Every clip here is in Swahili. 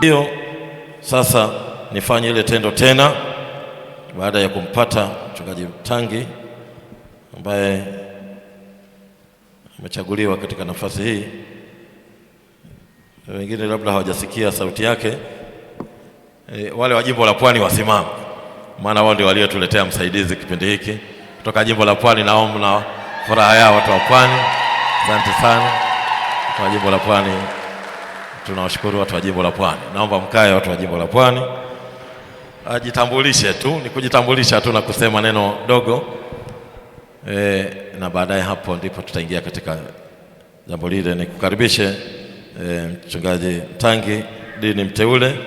Hiyo sasa nifanye ile tendo tena, baada ya kumpata mchungaji Mtangi ambaye amechaguliwa katika nafasi hii. Wengine labda hawajasikia sauti yake. E, wale wa jimbo la Pwani wasimame, maana wao ndio waliotuletea msaidizi kipindi hiki kutoka jimbo la Pwani. Naomba na furaha yao watu wa Pwani, asante sana watu wa jimbo la Pwani, tunawashukuru watu wa jimbo la Pwani. Naomba mkae watu wa jimbo la Pwani. Ajitambulishe tu, ni kujitambulisha tu na kusema neno dogo e, na baadaye hapo ndipo tutaingia katika jambo lile. Nikukaribishe e, mchungaji Mtangi dini mteule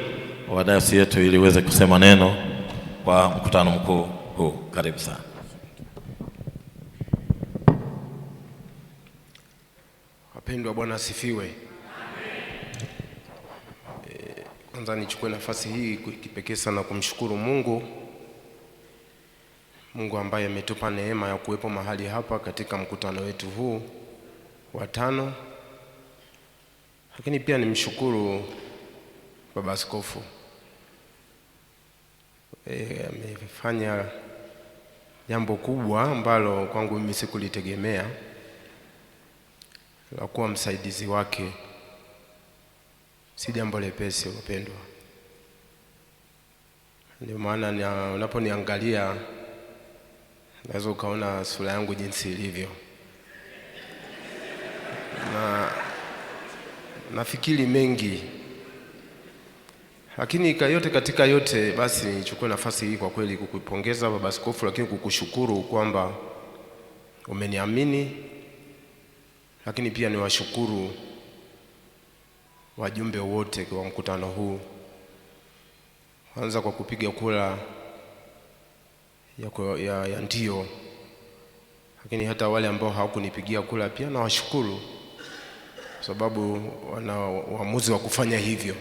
wa dayosisi yetu ili uweze kusema neno kwa mkutano mkuu huu. Karibu sana. Wapendwa, Bwana asifiwe. E, kwanza nichukue nafasi hii kipekee sana kumshukuru Mungu, Mungu ambaye ametupa neema ya kuwepo mahali hapa katika mkutano wetu huu wa tano, lakini pia nimshukuru Baba Askofu e, amefanya jambo kubwa ambalo kwangu mimi sikulitegemea la kuwa msaidizi wake si jambo lepesi, wapendwa. Ndio maana unaponiangalia unaweza ukaona sura yangu jinsi ilivyo, na nafikiri mengi, lakini yote katika yote, basi nichukue nafasi hii kwa kweli kukuipongeza Baba Askofu, lakini kukushukuru kwamba umeniamini lakini pia niwashukuru wajumbe wote wa mkutano huu, kwanza kwa kupiga kura ya, ya, ya ndio, lakini hata wale ambao hawakunipigia kura pia nawashukuru kwa sababu wana uamuzi wa kufanya hivyo.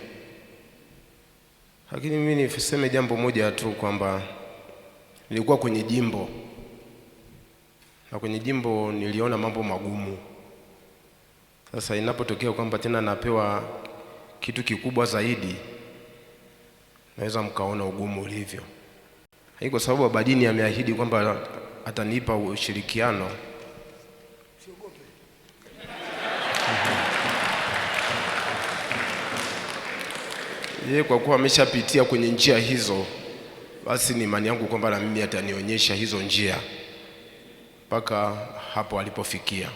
Lakini mimi niseme jambo moja tu kwamba nilikuwa kwenye jimbo na kwenye jimbo niliona mambo magumu. Sasa inapotokea kwamba tena napewa kitu kikubwa zaidi, naweza mkaona ugumu ulivyo. Hii kwa sababu baba ameahidi kwamba atanipa ushirikiano yeye kwa kuwa ameshapitia kwenye njia hizo, basi ni imani yangu kwamba na mimi atanionyesha hizo njia mpaka hapo alipofikia.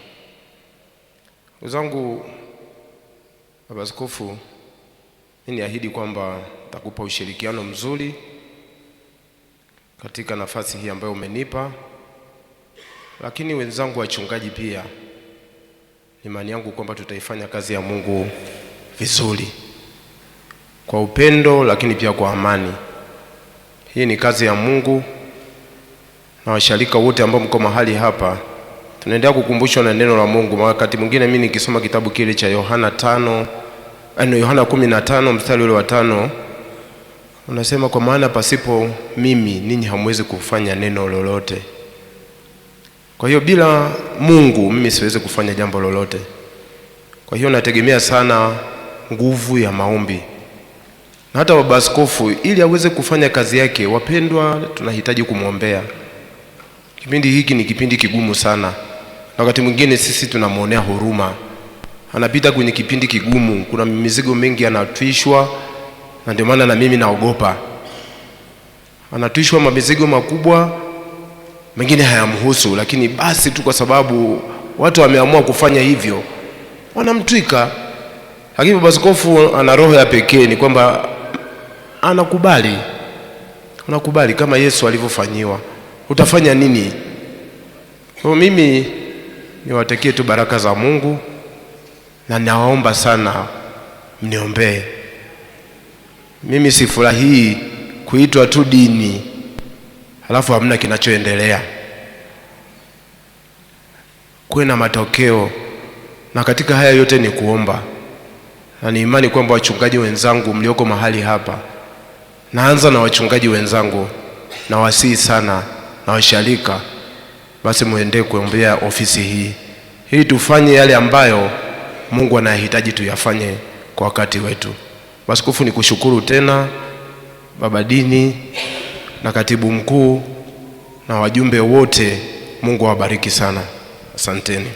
Wenzangu baba askofu, mimi niahidi kwamba nitakupa ushirikiano mzuri katika nafasi hii ambayo umenipa, lakini wenzangu wachungaji pia, imani yangu kwamba tutaifanya kazi ya Mungu vizuri kwa upendo, lakini pia kwa amani. Hii ni kazi ya Mungu na washarika wote ambao mko mahali hapa tunaendelea kukumbushwa na neno la Mungu. Wakati mwingine mimi nikisoma kitabu kile cha Yohana tano ano eh, Yohana kumi na tano mstari ule wa tano unasema, kwa maana pasipo mimi ninyi hamwezi kufanya neno lolote. Kwa hiyo bila Mungu mimi siwezi kufanya jambo lolote. Kwa hiyo nategemea sana nguvu ya maombi na hata baba askofu ili aweze kufanya kazi yake, wapendwa, tunahitaji kumwombea. Kipindi hiki ni kipindi kigumu sana na wakati mwingine sisi tunamwonea huruma, anapita kwenye kipindi kigumu, kuna mizigo mingi anatwishwa, na ndio maana na mimi naogopa. Anatwishwa mamizigo makubwa, mengine hayamhusu, lakini basi tu kwa sababu watu wameamua kufanya hivyo, wanamtwika. Lakini baba askofu ana roho ya pekee, ni kwamba anakubali, anakubali kama Yesu alivyofanyiwa. Utafanya nini? Kwa mimi niwatakie tu baraka za Mungu na nawaomba sana mniombee. Mimi sifurahii kuitwa tu dini halafu hamna kinachoendelea, kuwe na matokeo. Na katika haya yote ni kuomba, na ni imani kwamba wachungaji wenzangu mlioko mahali hapa, naanza na wachungaji wenzangu, nawasihi sana na washarika basi muende kuombea ofisi hii ili tufanye yale ambayo Mungu anahitaji tuyafanye kwa wakati wetu. waskofu ni kushukuru tena baba dini na katibu mkuu na wajumbe wote. Mungu awabariki sana, asanteni.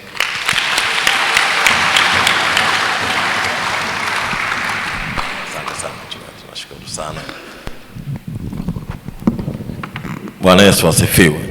Bwana Yesu asifiwe.